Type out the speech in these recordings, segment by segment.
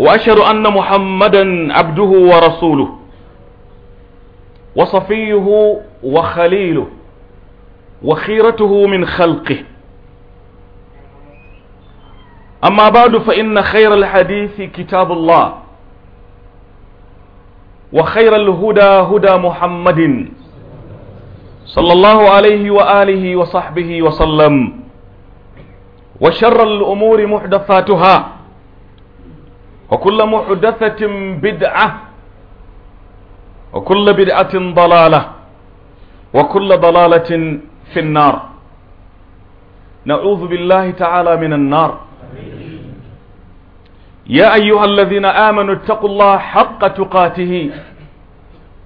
وأشهد أن محمدا عبده ورسوله وصفيه وخليله وخيرته من خلقه أما بعد فإن خير الحديث كتاب الله وخير الهدى هدى محمد صلى الله عليه وآله وصحبه وسلم وشر الأمور محدثاتها وكل محدثة بدعة وكل بدعة ضلالة وكل ضلالة في النار نعوذ بالله تعالى من النار يا أيها الذين آمنوا اتقوا الله حق تقاته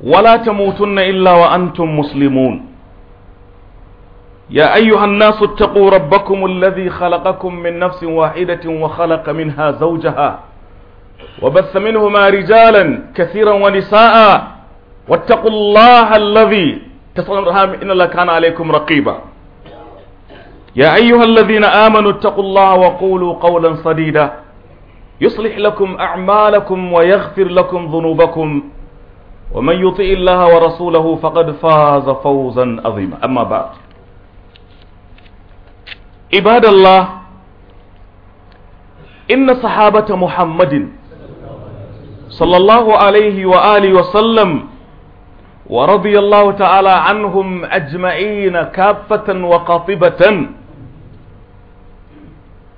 ولا تموتن إلا وأنتم مسلمون يا أيها الناس اتقوا ربكم الذي خلقكم من نفس واحدة وخلق منها زوجها وبث منهما رجالا كثيرا ونساء واتقوا الله الذي تسألون رحام إن الله كان عليكم رقيبا يا أيها الذين آمنوا اتقوا الله وقولوا قولا صديدا يصلح لكم أعمالكم ويغفر لكم ذنوبكم ومن يطئ الله ورسوله فقد فاز فوزا عظيما أما بعد عباد الله إن صحابة محمد صلى الله عليه وآله وسلم ورضي الله تعالى عنهم أجمعين كافة وقاطبة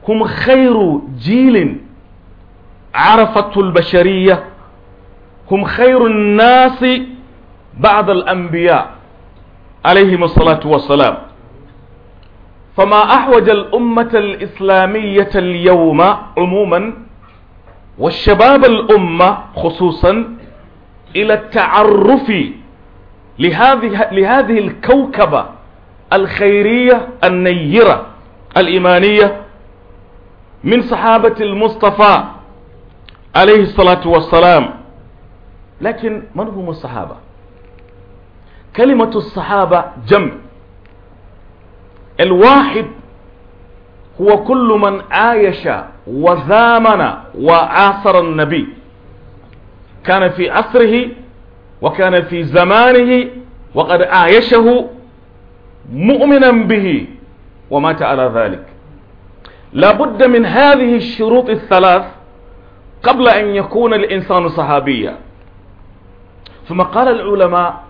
هم خير جيل عرفته البشرية هم خير الناس بعد الأنبياء عليهم الصلاة والسلام فما أحوج الأمة الإسلامية اليوم عموما والشباب الأمة خصوصا إلى التعرف لهذه, لهذه الكوكبة الخيرية النيرة الإيمانية من صحابة المصطفى عليه الصلاة والسلام لكن من هم الصحابة كلمة الصحابة جمع الواحد هو كل من عايش وزامن وعاصر النبي كان في عصره وكان في زمانه وقد عايشه مؤمنا به ومات على ذلك لابد من هذه الشروط الثلاث قبل أن يكون الإنسان صحابيا ثم قال العلماء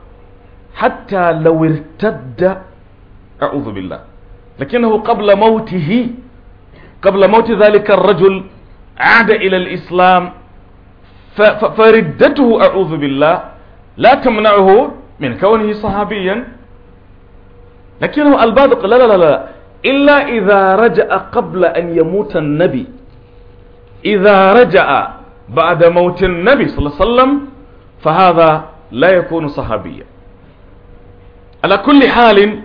حتى لو ارتد أعوذ بالله لكنه قبل موته قبل موت ذلك الرجل عاد إلى الإسلام فردته أعوذ بالله لا تمنعه من كونه صحابيا لكنه البادق لا لا لا لا إلا إذا رجع قبل أن يموت النبي إذا رجع بعد موت النبي صلى الله عليه وسلم فهذا لا يكون صحابيا على كل حال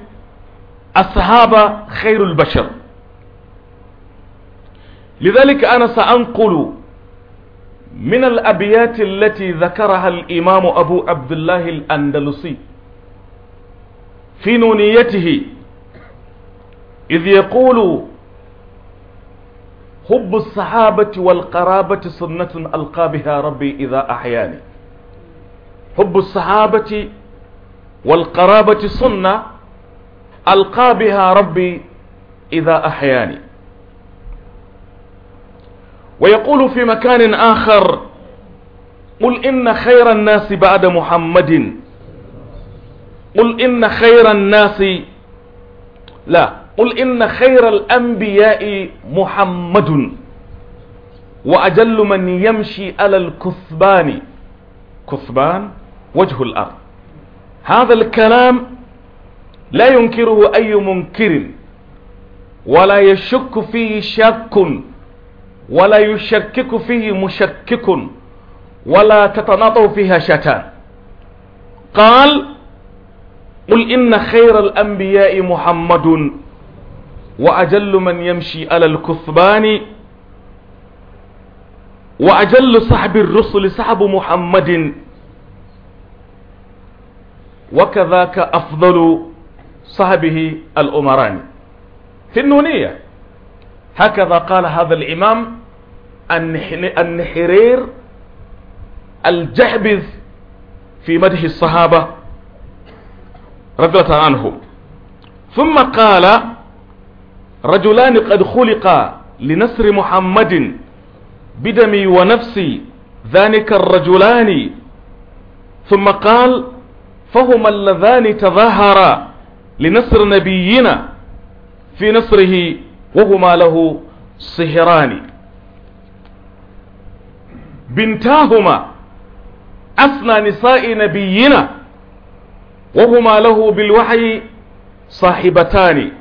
الصحابة خير البشر لذلك أنا سأنقل من الأبيات التي ذكرها الإمام أبو عبد الله الأندلسي في نونيته إذ يقول حب الصحابة والقرابة سنة ألقى بها ربي إذا أحياني حب الصحابة والقرابة سنة ألقى بها ربي إذا أحياني ويقول في مكان آخر قل إن خير الناس بعد محمد قل إن خير الناس لا قل إن خير الأنبياء محمد وأجل من يمشي على الكثبان كثبان وجه الأرض هذا الكلام لا ينكره أي منكر ولا يشك فيه شك ولا يشكك فيه مشكك ولا تتناطر فيها شتان قال قل إن خير الأنبياء محمد وأجل من يمشي على الكثبان وأجل صحب الرسل صحب محمد وكذاك أفضل صحبه الأمران في النونية هكذا قال هذا الإمام النحرير الجحبذ في مدح الصحابة رضي الله عنهم ثم قال رجلان قد خلقا لنصر محمد بدمي ونفسي ذلك الرجلان ثم قال فهما اللذان تظاهرا لنصر نبينا في نصره وهما له صهران بنتاهما أثنى نساء نبينا وهما له بالوحي صاحبتان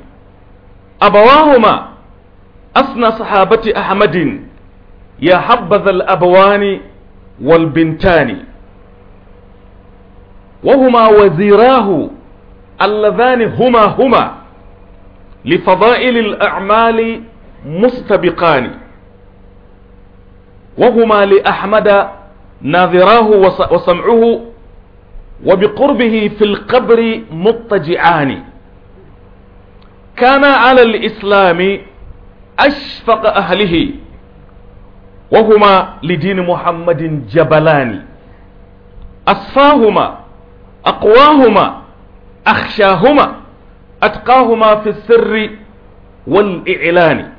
أبواهما أثنى صحابة أحمد يا حبذا الأبوان والبنتان وهما وزيراه اللذان هما هما لفضائل الأعمال مستبقان وهما لأحمد ناظراه وسمعه وبقربه في القبر مضطجعان كان على الإسلام أشفق أهله وهما لدين محمد جبلان أصفاهما أقواهما أخشاهما أتقاهما في السر والإعلان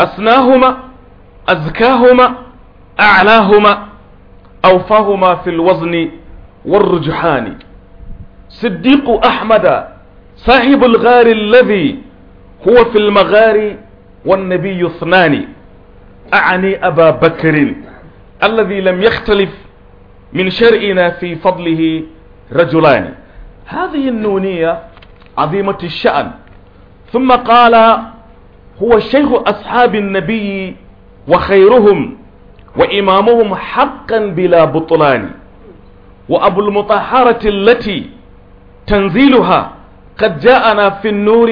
أسناهما أذكاهما أعلاهما أوفاهما في الوزن والرجحان صديق أحمد صاحب الغار الذي هو في المغار والنبي اثنان أعني أبا بكر الذي لم يختلف من شرعنا في فضله رجلان هذه النونية عظيمة الشأن ثم قال هو شيخ أصحاب النبي وخيرهم وإمامهم حقا بلا بطلان وأبو المطهرة التي تنزيلها قد جاءنا في النور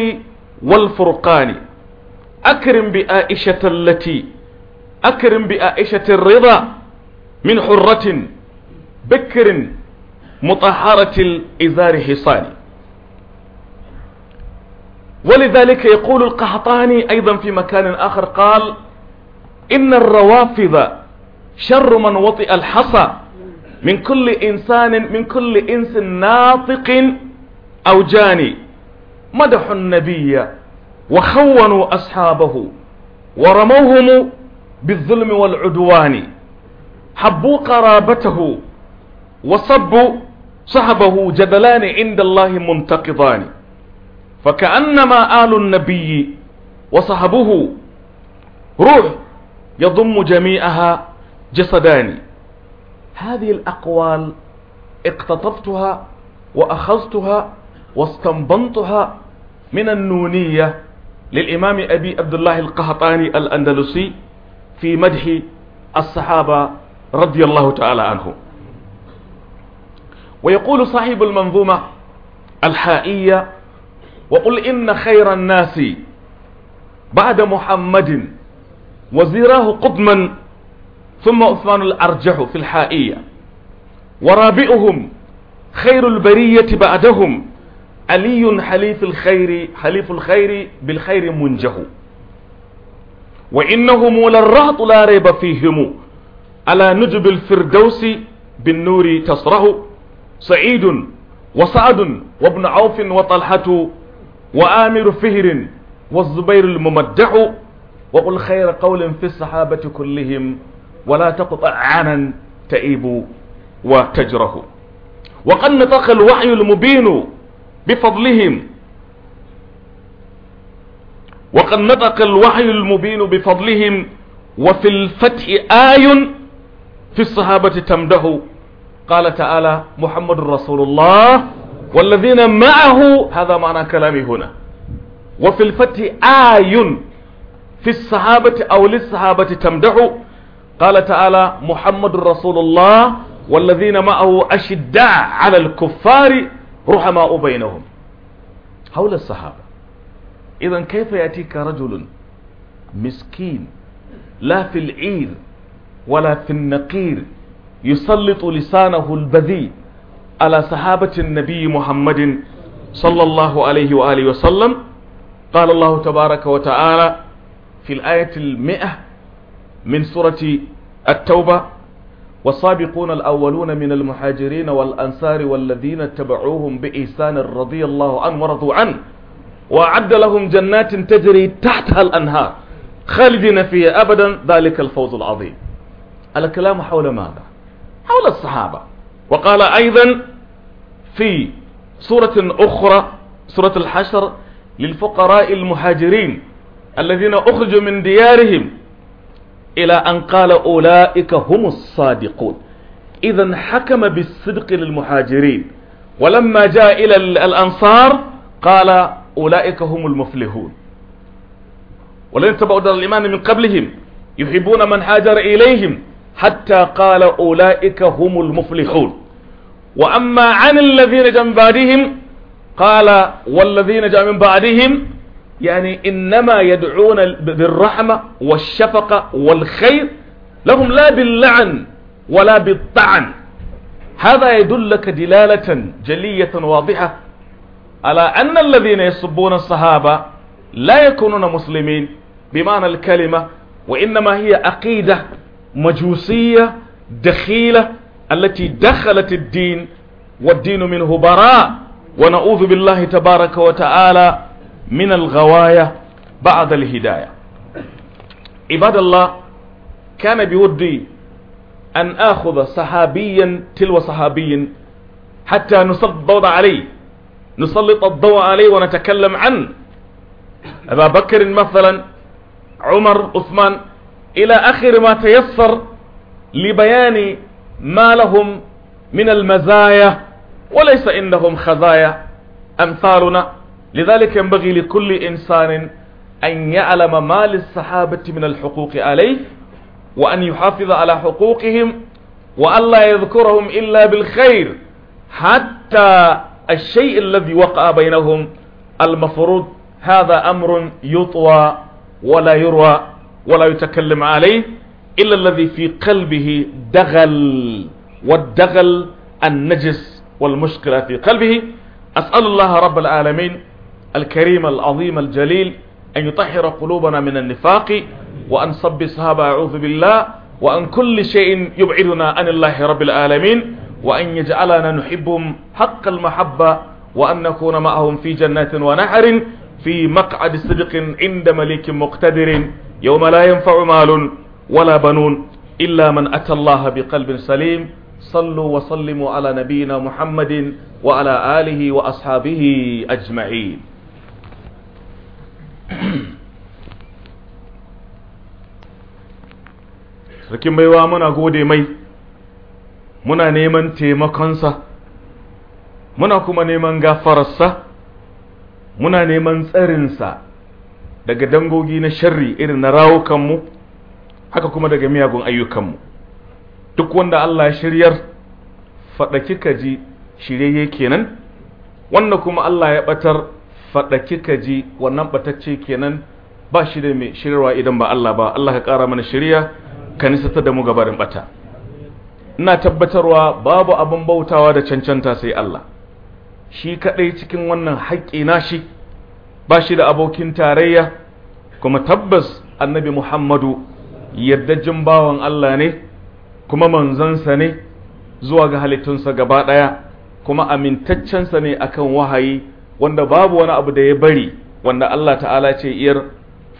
والفرقان أكرم بآئشة التي أكرم بآئشة الرضا من حرة بكر مطهرة الإزار حصان ولذلك يقول القحطاني أيضا في مكان آخر قال إن الروافض شر من وطئ الحصى من كل إنسان من كل إنس ناطق أو جاني مدحوا النبي وخونوا أصحابه ورموهم بالظلم والعدوان حبوا قرابته وصبوا صحبه جدلان عند الله منتقضان فكأنما آل النبي وصحبه روح يضم جميعها جسدان هذه الأقوال اقتطفتها وأخذتها واستنبنتها من النونية للإمام أبي عبد الله القهطاني الأندلسي في مدح الصحابة رضي الله تعالى عنهم ويقول صاحب المنظومة الحائية وقل إن خير الناس بعد محمد وزيراه قطما ثم عثمان الأرجح في الحائية ورابئهم خير البرية بعدهم علي حليف الخير حليف الخير بالخير منجه وإنهم الرهط لا ريب فيهم على نجب الفردوس بالنور تصره سعيد وسعد وابن عوف وطلحة وآمر فهر والزبير الممدح وقل خير قول في الصحابة كلهم ولا تقطع عنا تئيب وتجره وقد نطق الوحي المبين بفضلهم وقد نطق الوحي المبين بفضلهم وفي الفتح آي في الصحابة تمده قال تعالى محمد رسول الله والذين معه هذا معنى كلامي هنا وفي الفتح آي في الصحابة أو للصحابة تمدحوا قال تعالى محمد رسول الله والذين معه أشداء على الكفار رحماء بينهم حول الصحابة إذا كيف يأتيك رجل مسكين لا في العير ولا في النقير يسلط لسانه البذيء على صحابة النبي محمد صلى الله عليه وآله وسلم قال الله تبارك وتعالى في الآية المئة من سورة التوبة والسابقون الأولون من المهاجرين والأنصار والذين اتبعوهم بإحسان رضي الله عنه ورضوا عنه وأعد لهم جنات تجري تحتها الأنهار خالدين فيها أبدا ذلك الفوز العظيم الكلام حول ماذا حول الصحابة وقال أيضا في سورة أخرى سورة الحشر للفقراء المهاجرين الذين أخرجوا من ديارهم إلى أن قال أولئك هم الصادقون إذا حكم بالصدق للمهاجرين ولما جاء إلى الأنصار قال أولئك هم المفلحون ولن تبعوا دار الإيمان من قبلهم يحبون من هاجر إليهم حتى قال أولئك هم المفلحون وأما عن الذين جاء من بعدهم قال والذين جاء من بعدهم يعني إنما يدعون بالرحمة والشفقة والخير لهم لا باللعن ولا بالطعن هذا يدلك دلالة جلية واضحة على أن الذين يصبون الصحابة لا يكونون مسلمين بمعنى الكلمة وإنما هي عقيدة مجوسية دخيلة التي دخلت الدين والدين منه براء ونعوذ بالله تبارك وتعالى من الغواية بعد الهداية عباد الله كان بودي أن آخذ صحابيا تلو صحابي حتى نسلط الضوء عليه نسلط الضوء عليه ونتكلم عن أبا بكر مثلا عمر عثمان إلى آخر ما تيسر لبيان ما لهم من المزايا وليس إنهم خزايا أمثالنا لذلك ينبغي لكل إنسان أن يعلم ما للصحابة من الحقوق عليه وأن يحافظ على حقوقهم وألا يذكرهم إلا بالخير حتى الشيء الذي وقع بينهم المفروض هذا أمر يطوى ولا يروى ولا يتكلم عليه إلا الذي في قلبه دغل والدغل النجس والمشكلة في قلبه أسأل الله رب العالمين الكريم العظيم الجليل أن يطهر قلوبنا من النفاق وأن صب الصحابة أعوذ بالله وأن كل شيء يبعدنا عن الله رب العالمين وأن يجعلنا نحبهم حق المحبة وأن نكون معهم في جنات ونحر في مقعد صدق عند مليك مقتدر يوم لا ينفع مال ولا بنون إلا من أتى الله بقلب سليم صلوا وسلموا على نبينا محمد وعلى آله وأصحابه أجمعين sarkin baiwa muna gode mai muna neman taimakonsa muna kuma neman gafararsa muna neman tsarinsa daga dangogi na sharri irin na rawukanmu haka kuma daga miyagun ayyukanmu duk wanda Allah ya shiryar faɗa kika ji shiryayye kenan wanda kuma Allah ya ɓatar faɗa kika ji wannan ɓatacce kenan ba shi da mai shiryarwa idan ba Allah ba Allah ka ƙara mana shirya ka nisatar da mu gabarin bata ina tabbatarwa babu abin bautawa da cancanta sai Allah shi kaɗai cikin wannan haƙƙi shi. ba shi da abokin tarayya kuma tabbas annabi Muhammadu jin bawan Allah ne kuma manzansa ne zuwa ga halittunsa gaba ɗaya kuma amintaccensa ne akan wahayi wanda babu wani abu da ya bari wanda Allah ta'ala ce iyar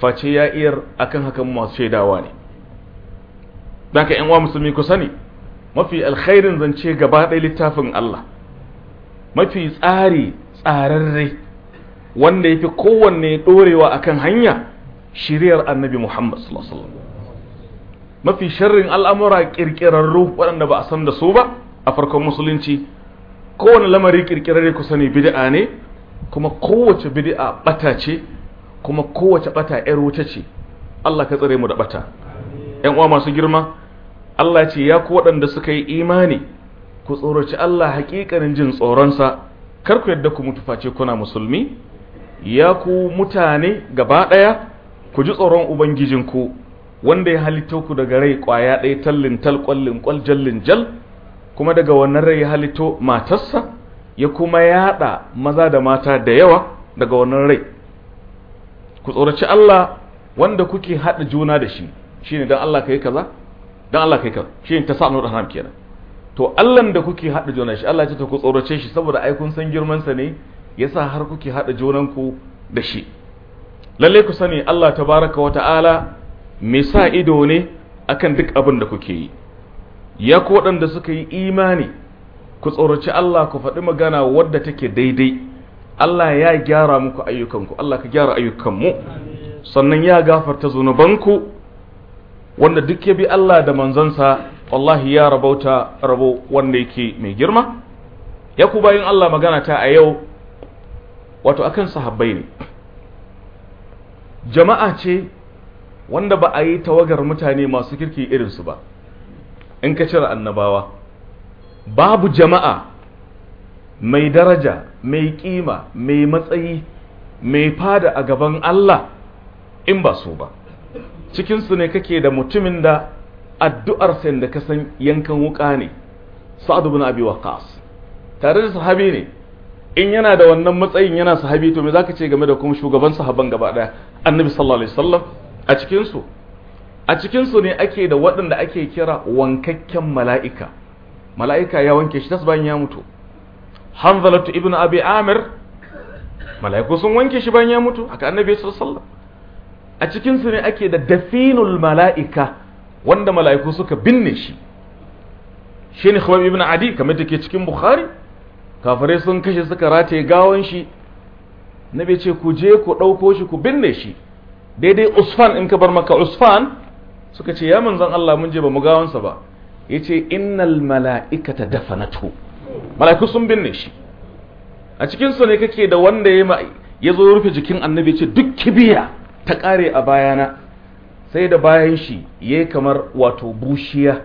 face ya iyar akan hakan masu shaidawa ne zaka ka yan wa musulmi ku sani mafi alkhairin zance gaba ɗaya littafin Allah mafi tsari tsararre wanda ya fi kowanne a kan hanya shiriyar annabi Muhammad sallallahu alaihi wasallam mafi sharrin al'amura kirkirarru waɗanda ba a san da su ba a farkon musulunci kowane lamari ƙirƙirar ku sani bid'a ne kuma kowace bid'a ɓata ce kuma kowace bata yar wuta ce Allah ka tsare mu da ɓata yan uwa masu girma Allah ce ya ku waɗanda suka yi imani ku tsoraci Allah hakikanin jin tsoronsa kar ku yadda ku mutu face kuna musulmi ya ku mutane gaba ɗaya ku ji tsoron ubangijinku wanda ya halitto ku daga rai ƙwaya ɗaya tallin tal ƙwallin ƙwal jallin jal kuma daga wannan rai ya halitto matarsa ya kuma yaɗa maza da mata da yawa daga wannan rai ku tsoraci Allah wanda kuke haɗa juna da shi shine dan Allah kai kaza dan Allah kai ka shi ta sa da haram kenan to Allahn da kuke hada juna shi Allah ya ce to ku tsorace shi saboda ai kun san girman sa ne yasa har kuke hada ku da shi lalle ku sani Allah tabaraka wa ta'ala mai sa ido ne akan duk abin da kuke yi ya ko waɗanda suka yi imani ku tsoraci Allah ku faɗi magana wadda take daidai Allah ya gyara muku ayyukanku Allah ka gyara ayyukan mu sannan ya gafarta zunubanku wanda duk ya bi Allah da manzansa wallahi ya rabauta rabo wanda yake mai girma ya ku bayan Allah magana ta a yau wato akan sahabbai ne jama'a ce wanda ba a yi tawagar mutane masu kirki irinsu ba in ka cire annabawa babu jama'a mai daraja mai kima mai matsayi mai fada a gaban Allah in ba su ba cikinsu ne kake da mutumin da addu'ar addu'arsa da ka san yankan wuka ne sa'ad ibn abi waqas tare da sahabi ne in yana da wannan matsayin yana sahabi to me zaka ce game da kuma shugaban sahaban gaba daya annabi sallallahu alaihi wasallam a cikin su a cikin su ne ake da waɗanda ake kira wankakken mala'ika mala'ika ya wanke shi bayan ya mutu hanzalatu ibn abi amir mala'iku sun wanke shi bayan ya mutu haka annabi sallallahu alaihi wasallam a cikinsu ne ake da dafinul mala'ika wanda mala'iku suka binne shi shi ne ibn adi kamar da ke cikin bukhari kafirai sun kashe suka rataye gawon shi na bai ce ku je ku ɗauko shi ku binne shi daidai usfan in ka bar maka usfan suka ce ya manzan Allah mun je ba mu gawansa ba ya ce innal mala'ika ta dafa na tu. mala'iku sun binne shi a cikinsu ne kake da wanda ya zo rufe jikin annabi ce duk kibiya ta ƙare a bayana sai da bayan shi ya kamar wato bushiya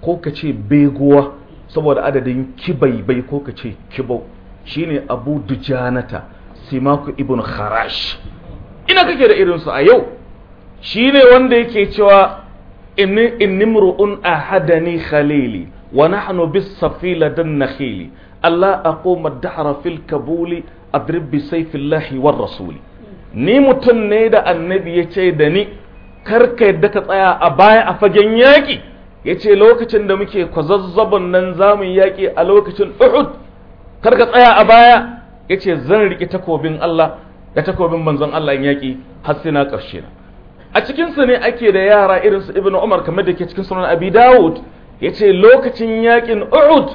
ko ka ce beguwa saboda adadin kibaibai ko ka ce kibau shine abu dujanata simaku ibn kharash ina kake da irinsu a yau Shi ne wanda yake cewa a ahadani khalili wa nahnu bis safila dan nakhili allah aquma dahra fil kabuli adrib bi sayfi war rasuli ni mutum ne da annabi ya ce da ni karka yadda ka tsaya a baya a fagen yaƙi ya ce lokacin da muke kwazazzabon nan zamun yaƙi a lokacin uhud karka tsaya a baya ya ce zan riƙe takobin Allah da takobin manzon Allah yaƙi har sai na ƙarshe na a cikinsu ne ake da yara irin su ibnu umar kamar da ke cikin sunan abi dawud ya ce lokacin yaƙin uhud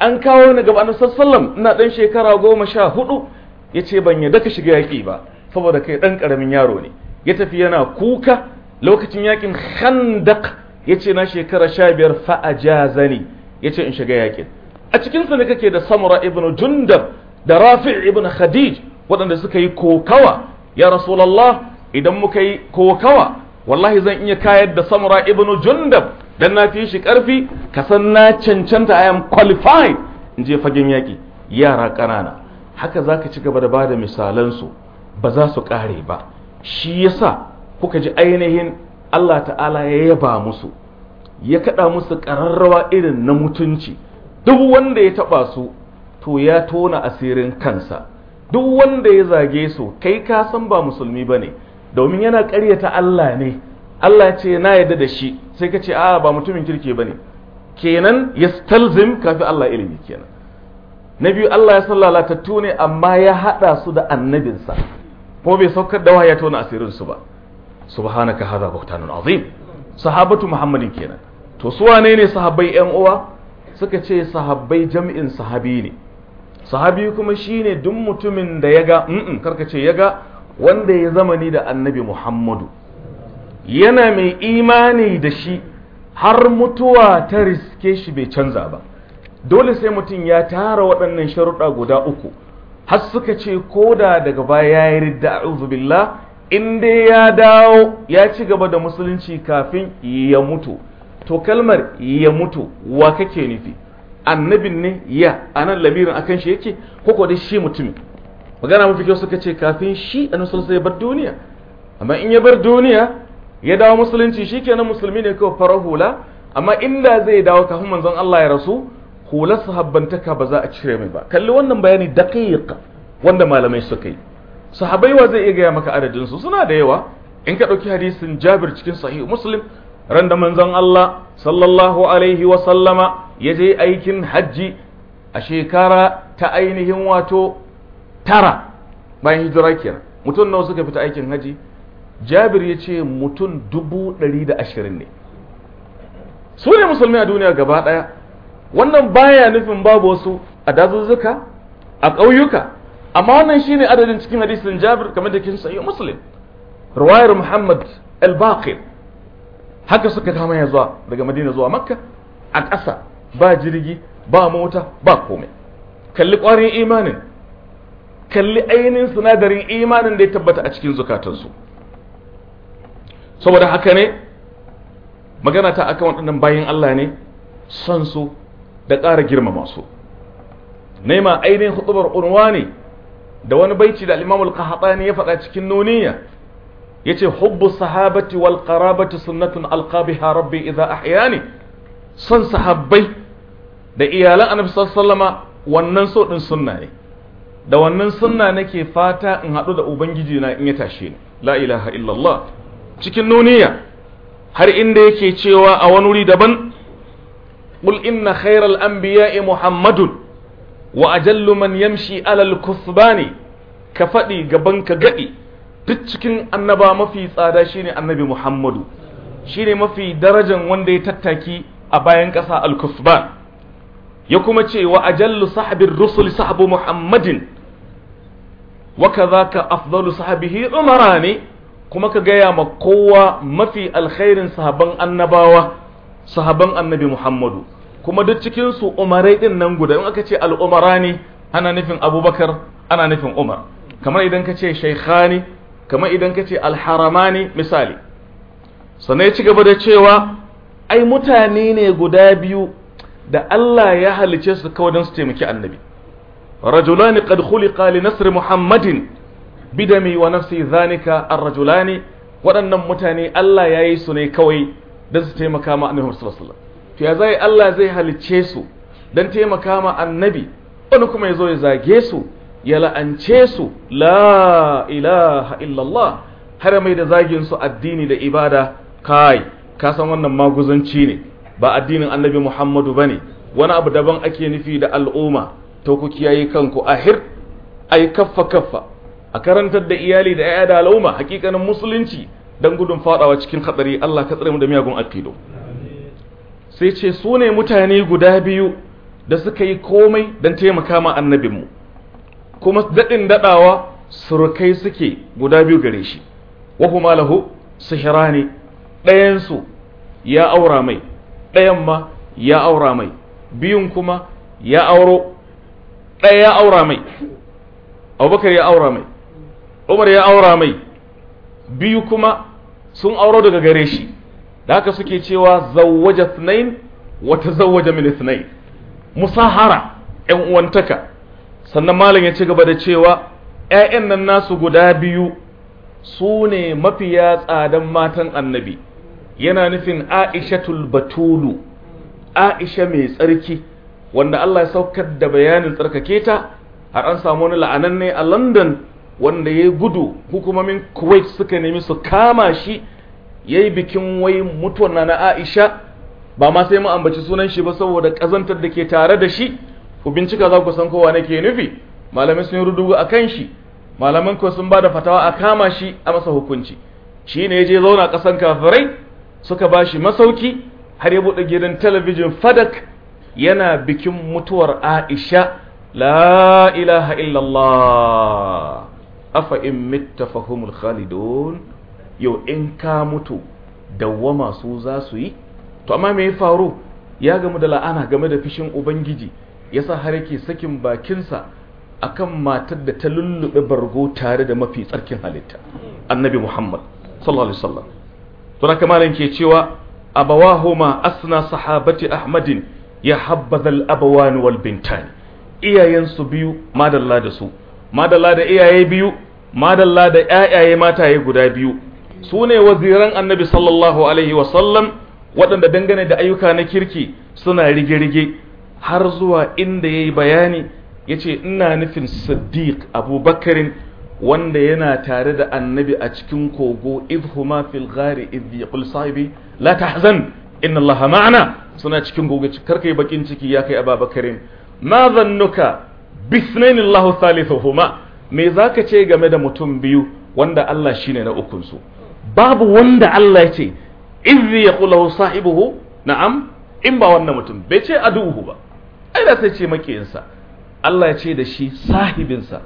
an kawo ni gaba na sassallam ina dan shekara goma sha hudu ya ce ban yadda ka shiga yaƙi ba saboda kai ɗan ƙaramin yaro ne ya tafi yana kuka lokacin yakin khandaq ce na shekara sha biyar fa Ya ce in shiga yakin a cikin ne kake da samura ibn jundab da rafi' ibn khadij waɗanda suka yi kokawa ya rasulallah idan muka yi kokawa wallahi zan iya kayar da samura ibn jundab dan na fi shi karfi ka san na cancanta i am qualified in je fagen yaki yara ƙanana haka zaka ci gaba da bada misalan su ba za su ƙare ba shi yasa kuka ji ainihin Allah ta'ala ya yaba musu ya kaɗa musu ƙararrawa irin na mutunci duk wanda ya taɓa su to ya tona asirin kansa duk wanda ya zage su kai ka san ba musulmi ba ne domin yana ƙaryata Allah ne Allah ce na yadda da shi sai ka ce a ba mutumin kirki ba ne kenan ya stalzim kafi Allah ilimi kenan na biyu Allah ya san lalatattu ne amma ya haɗa su da annabinsa ko bai saukar da wahaya tona asirin su ba subhanaka hadha buhtanun azim sahabatu muhammadin kenan to su wane ne sahabbai yan uwa suka ce sahabbai jami'in sahabi ne sahabi kuma shine duk mutumin da ya ga, mm karka ce ya ga, wanda ya zama zamani da annabi muhammadu yana mai imani da shi har mutuwa ta riske shi bai canza ba dole sai mutum ya tara waɗannan sharuɗa guda uku har suka ce ko da daga baya ya yi ridda a'udhu billah in dai ya dawo ya ci gaba da musulunci kafin ya mutu to kalmar ya mutu wa kake nufi annabin ne ya anan lamirin akan shi yake ko da shi mutumin magana mafi kyau suka ce kafin shi a nasarar ya bar duniya amma in ya bar duniya ya dawo musulunci shi kenan musulmi ne kawai farar hula amma inda zai dawo kafin manzon Allah ya rasu hular sahabbantaka ba za a cire mai ba kalli wannan bayani daƙiƙa wanda malamai suka yi sahabai wa zai iya gaya maka adadin su suna da yawa in ka ɗauki hadisin Jabir cikin sahihu Muslim ran da manzon Allah sallallahu alaihi wa sallama ya je aikin hajji a shekara ta ainihin wato tara bayan hijira kenan mutum nawa suka fita aikin haji Jabir ya ce mutum dubu ɗari da ashirin ne su ne musulmi a duniya gaba ɗaya wannan baya nufin babu wasu a dazuzzuka a ƙauyuka amma wannan shine adadin cikin hadisin Jabir kamar da kin sayi Muslim riwayar Muhammad al-Baqir haka suka kama ya zuwa daga Madina zuwa Makka a ƙasa ba jirgi ba mota ba komai kalli ƙwarin imanin kalli ainihin sinadarin imanin da ya tabbata a cikin zukatansu saboda haka ne magana ta akan waɗannan bayan Allah ne son su da ƙara girmama su nema ainihin hutubar ne. da wani baici da al-imam ne ya faɗa cikin nuniya ce, hubbu sahabati wal qarabati sunnatun alqabiha rabbi idha ne. son sahabbai da iyalan anabi sallallahu wannan so ɗin sunna ne da wannan sunna nake fata in haɗu da ubangiji na in ya tashe ni la ilaha illallah cikin nuniya har inda yake cewa a wani wuri daban قل إن خير الأنبياء محمد وأجل من يمشي على الكثبان كفدي جبنك جئي تتشكن النبا ما في صادا شيني النبي محمد شيني ما في درجة وندي تتاكي أباين كسا الكثبان يكما تشي وأجل صحب الرسل صحب محمد وكذاك أفضل صحبه عمراني كما كجايا مقوى ما في الخير صحبا النباوة sahaban annabi muhammadu kuma duk cikin su umarai din nan guda in aka ce al'umara ne ana nufin abubakar ana nufin umar kamar idan ka ce shaikhani kamar idan ka ce alharamani misali sana ya ci gaba da cewa ai mutane ne guda biyu da Allah ya halice su kawai don su taimaki annabi rajulani qad khuliqa li nasr muhammadin bidami wa nafsi zalika ar-rajulani waɗannan mutane Allah ya yi su ne kawai don su taimaka ma annabi sallallahu alaihi wasallam to ya zai Allah zai halice su don taimaka ma annabi wani kuma ya zo ya zage su ya la'ance su la ilaha illallah har mai da zagin su addini da ibada kai ka san wannan maguzanci ne ba addinin annabi Muhammadu ba ne. wani abu daban ake nufi da al'umma to ku kiyaye kanku ahir ai kaffa kaffa a karantar da iyali da 'ya'ya da al'umma hakikanin musulunci Dan gudun fadawa cikin hadari Allah ka tsare mu da miyagun aqido sai ce su ne mutane guda biyu da suka yi komai don taimaka ma annabinmu kuma daɗin daɗawa surukai suke guda biyu gare shi wahu malahu sihira ne ɗayansu ya aura mai ɗayan ma ya aura mai biyun kuma ya auro ɗaya ya aura mai abubakar ya aura mai umar ya aura mai biyu kuma sun auro daga gare shi da haka suke cewa zawaja thnain wata zawaja mini thnain musahara 'yan uwantaka sannan malam ya ci gaba da cewa yayan nan nasu guda biyu su ne mafiya tsadan matan annabi yana nufin aishatul batulu aisha mai tsarki wanda Allah ya saukar da bayanin tsarkake ta har an samu wani la'ananne a London wanda ya gudu hukumomin kuwait suka nemi su kama shi ya yi bikin wai mutuwar na aisha ba ma sai mu ambaci sunan shi ba saboda ƙazantar da ke tare da shi ku bincika za ku san kowa ke nufi malamai sun yi rudugu a kan shi malaman ko sun ba da fatawa a kama shi a masa hukunci shi ne ya je zauna ƙasan kafirai suka ba shi masauki har ya buɗe gidan talabijin fadak yana bikin mutuwar aisha la ilaha illallah afa in mitta fahimul khalidun yau in ka mutu dawwama su za su yi to amma me ya faru ya gamu da la'ana game da fishin ubangiji yasa har yake sakin bakinsa akan matar da ta lullube bargo tare da mafi tsarkin halitta annabi muhammad sallallahu alaihi wasallam to haka malam ke cewa abawahuma asna sahabati ahmadin ya habbazal abawan wal bintani iyayensu biyu madalla da su madalla da iyaye biyu madalla da ƴaƴaye mataye guda biyu su ne waziran annabi sallallahu alaihi wasallam waɗanda dangane da ayyuka na kirki suna rige-rige har zuwa inda ya yi bayani ya ce ina nufin siddiq abubakarin wanda yana tare da annabi a cikin kogo ifhuma fil ghari idh yaqul sahibi la tahzan inna allaha ma'ana suna cikin gogo kai bakin ciki ya kai abubakarin ma zannuka bisnain allahu thalithuhuma me za ka ce game da mutum biyu wanda Allah shi ne na ukunsu babu wanda Allah ya ce izi ya kula sahibuhu na'am in ba wannan mutum bai ce aduhu ba ai da sai ce makiyinsa Allah ya ce da shi sahibinsa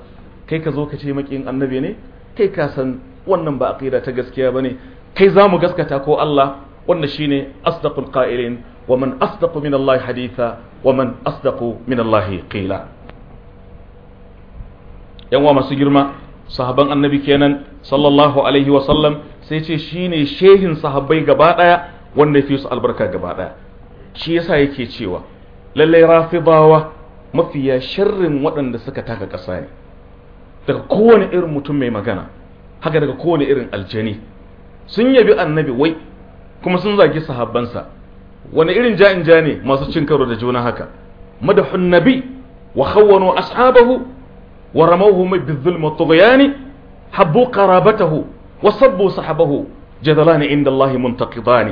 kai ka zo ka ce makiyin annabi ne kai ka san wannan ba aqida ta gaskiya bane kai za mu gaskata ko Allah wannan shine asdaqul qa'ilin wa man asdaqu min Allah haditha wa man asdaqu min Allah qila yan wa masu girma sahaban annabi kenan sallallahu alaihi wa sallam sai ce shine shehin sahabbai gaba daya wanda fi su albarka gaba daya shi yasa yake cewa lallai rafidawa mafiya sharrin waɗanda suka taka ƙasa ne daga kowane irin mutum mai magana haka daga kowane irin aljani sun yabi annabi wai kuma sun zagi sahabbansa wani irin ja'in ja ne masu cin karo da juna haka madahun nabi wa khawwanu ashabahu ورموه بالظلم والطغيان حبوا قرابته وصبوا صحبه جدلان عند الله منتقضان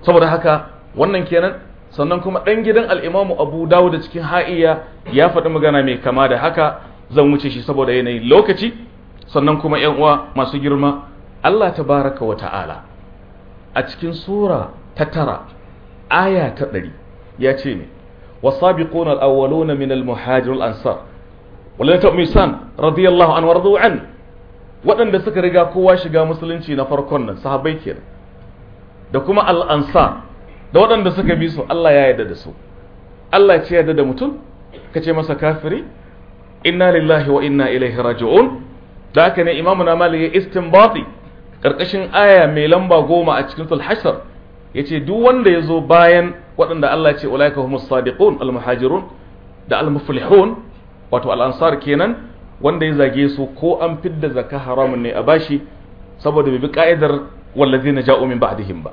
saboda haka wannan kenan sannan kuma dan gidan al-Imam Abu Dawud cikin ha'iya ya faɗi magana mai kama da haka zan wuce shi saboda yanayin lokaci sannan kuma ƴan uwa masu girma Allah tabaraka wa ta'ala a cikin sura ta tara aya ta ɗari ya ce ne wasabiquna al-awwaluna min al-muhajir al-ansar walai ta misan radiyallahu an waradu an waɗanda suka riga kowa shiga musulunci na farkon nan sahabbai kenan da kuma al'ansa da waɗanda suka bi su Allah ya yarda da su Allah ce yarda da mutum ka ce masa kafiri inna lillahi wa inna ilaihi raji'un da haka ne imamu na mali ya istinbati karkashin aya mai lamba goma a cikin sulhashar ya ce duk wanda ya zo bayan waɗanda Allah ce ulaika humus sadiqun al muhajirun da al muflihun wato al'ansar kenan wanda ya zage su ko an fidda zaka haramun ne a bashi saboda bibi bi ka'idar wallazi na ja'o min ba'dihim ba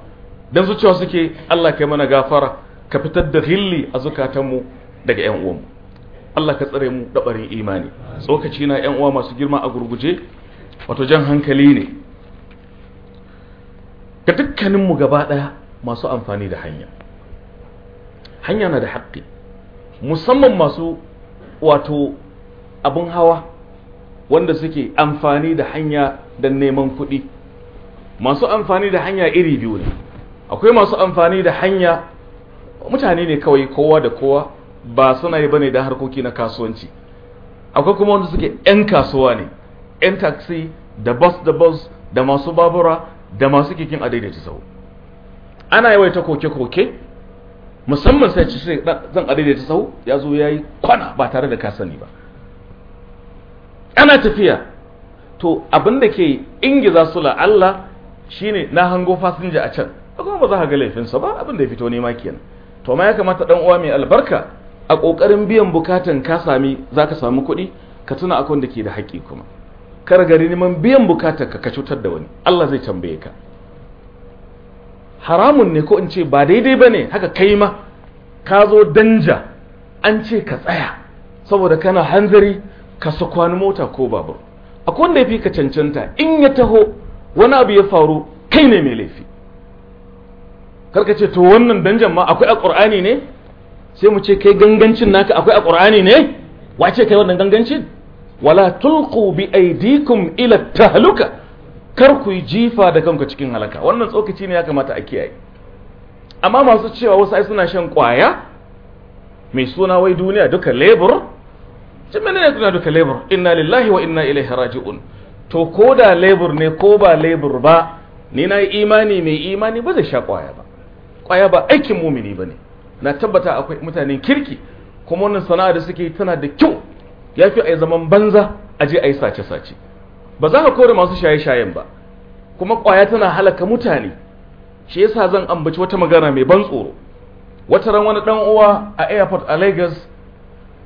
dan su cewa suke Allah kai mana gafara ka fitar da ghilli a zukatanmu daga yan uwanmu Allah ka tsare mu da barin imani tsokaci na yan uwa masu girma a gurguje wato jan hankali ne ga dukkaninmu gaba ɗaya masu amfani da hanya hanya na da haƙƙi musamman masu wato abin hawa wanda suke amfani da hanya don neman kuɗi masu amfani da hanya iri biyu ne akwai masu amfani da hanya mutane ne kawai kowa da kowa ba suna yi bane da harkoki na kasuwanci akwai kuma wanda suke 'yan kasuwa ne 'yan taxi da bus da bus da masu babura da masu kikin adaidaita sau ana yawaita koke-koke musamman sai ci zan ta sau ya zo ya yi kwana ba tare da ka sani ba ana tafiya to abin da ke ingiza su la'alla shine na hango fasinja a can kuma ba za ka ga laifinsa ba abin da ya fito nema kenan to ma ya kamata dan uwa mai albarka a kokarin biyan bukatan ka sami za ka samu kuɗi ka tuna akwai da ke da haƙƙi kuma kar gari neman biyan bukatar ka ka cutar da wani Allah zai tambaye ka haramun ne ko in ce ba daidai ba ne haka kai ma ka zo danja an ce ka tsaya saboda kana hanzari ka sakwani mota ko babur akwai wanda ya fi ka cancanta in ya taho wani abu ya faru kai ne mai laifi karka ce to wannan danjan ma akwai a ƙur'ani ne sai mu ce kai gangancin naka akwai a ƙur'ani ne wace kai wannan gangancin wala tulqu bi aydikum ila tahluka kar ku yi jifa da kanku cikin halaka wannan tsokaci ne ya kamata a kiyaye amma masu cewa wasu ai suna shan kwaya mai suna wai duniya duka labor mene ne duniya duka labor inna lillahi wa inna ilaihi raji'un to ko da lebur ne ko ba lebur ba ni na yi imani mai imani ba zai sha kwaya ba kwaya ba aikin mumini ba ne na tabbata akwai mutanen kirki kuma wannan sana'a da suke tana da kyau ya fi a zaman banza a je a sace-sace ba za ka kore masu shaye-shayen ba kuma ƙwaya tana halaka mutane shi yasa zan ambaci wata magana mai ban tsoro wata ran wani dan uwa a airport a Lagos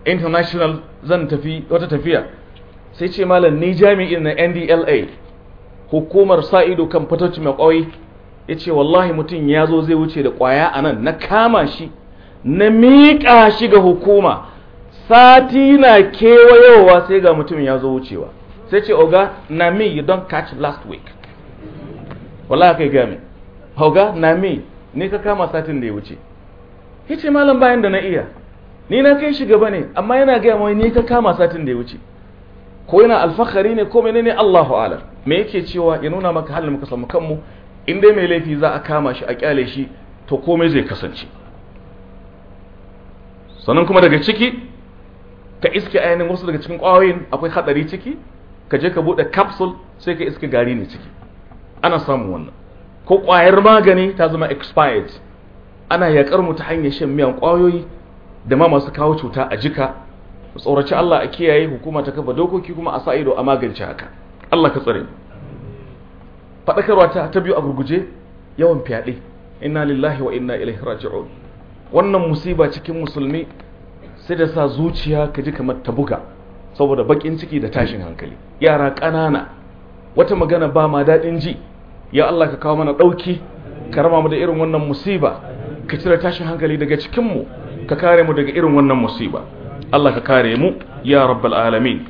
International zan tafi wata tafiya sai ce malam ni jami'in na NDLA hukumar sa ido kan fatoci mai ƙwai ya ce wallahi mutum ya zo zai wuce da ƙwaya a nan na kama shi na miƙa shi ga hukuma sati na kewayowa sai ga mutum ya zo wucewa sai ce oga na me you don catch last week wallahi kai gami oga na me ni ka kama satin da ya wuce yace malam bayan da na iya ni na kai shi gaba ne amma yana gaya mai ni ka kama satin da ya wuce ko yana alfakhari ne ko menene Allahu ala me yake cewa ya nuna maka halin muka samu kanmu in dai mai laifi za a kama shi a kyale shi to komai zai kasance sannan kuma daga ciki ka iske ainihin wasu daga cikin ƙwayoyin akwai haɗari ciki ka je ka buɗe capsule sai ka iska gari ne ciki ana samun wannan ko ƙwayar magani ta zama expired ana yaƙar mu ta hanyar shan miyan kwayoyi da ma masu kawo cuta a jika tsoraci Allah a kiyaye hukuma ta kafa dokoki kuma a sa ido a magance haka Allah ka tsare faɗakarwa ta ta biyu a gurguje yawan fyaɗe Ina lillahi wa inna ilaihi raji'un wannan musiba cikin musulmi sai da sa zuciya ka ji kamar ta buga saboda bakin ciki da tashin hankali yara ƙanana wata magana ba ma daɗin ji ya Allah ka kawo mana ɗauki ka rama mu da irin wannan musiba ka cire tashin hankali daga cikinmu ka kare mu daga irin wannan musiba Allah ka kare mu ya rabbal alamin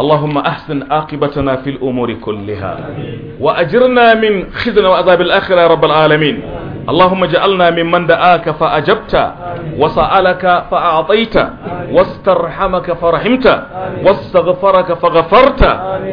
اللهم أحسن fil في الأمور كلها وأجرنا من خزن وعذاب الآخرة يا رب العالمين اللهم اجعلنا ممن دعاك فأجبت وسألك فأعطيت واسترحمك فرحمت واستغفرك فغفرت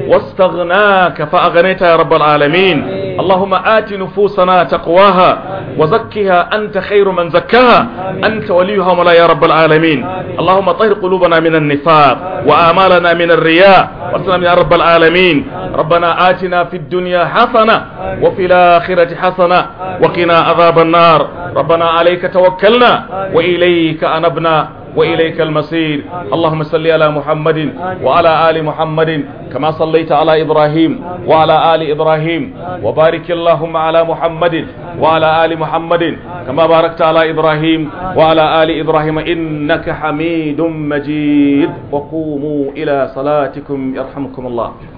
واستغناك فأغنيت يا رب العالمين اللهم آت نفوسنا تقواها وزكها أنت خير من زكاها أنت وليها ولا يا رب العالمين اللهم طهر قلوبنا من النفاق وآمالنا من الرياء والسلام يا رب العالمين ربنا آتنا في الدنيا حسنة وفي الآخرة حسنة وقنا عذاب النار ربنا عليك توكلنا وإليك أنبنا وإليك المصير اللهم صل على محمد وعلى آل محمد كما صليت على إبراهيم وعلى آل إبراهيم وبارك اللهم على محمد وعلى آل محمد كما باركت على إبراهيم وعلى آل إبراهيم إنك حميد مجيد وقوموا إلى صلاتكم يرحمكم الله